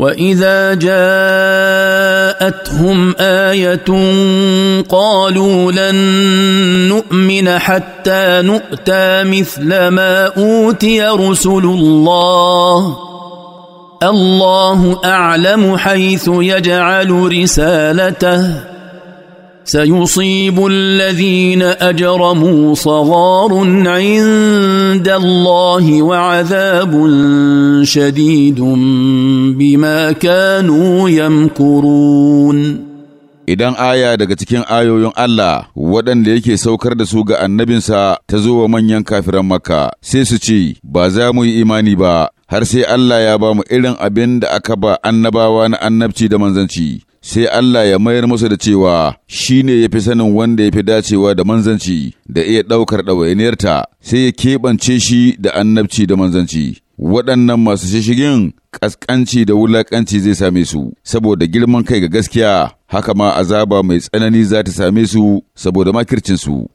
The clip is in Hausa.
واذا جاءتهم ايه قالوا لن نؤمن حتى نؤتى مثل ما اوتي رسل الله الله اعلم حيث يجعل رسالته سيصيب الذين اجرموا صغار عند الله وعذاب شديد بما كانوا يمكرون idan aya daga cikin ayoyin Allah waɗanda yake saukar da su ga annabinsa ta zo wa manyan kafiran Makka sai su ce ba za mu yi imani ba har sai Allah ya ba mu irin abin da aka ba annabawa na annabci da manzanci sai Allah ya mayar masa da cewa shi ne ya fi sanin wanda ya fi dacewa da manzanci da iya ɗaukar ɗawainiyarta sai ya keɓance shi da annabci da manzanci. Waɗannan masu shishigin ƙasƙanci da wulaƙanci zai same su, saboda girman kai ga gaskiya, haka ma azaba mai tsanani za ta same su saboda makircinsu.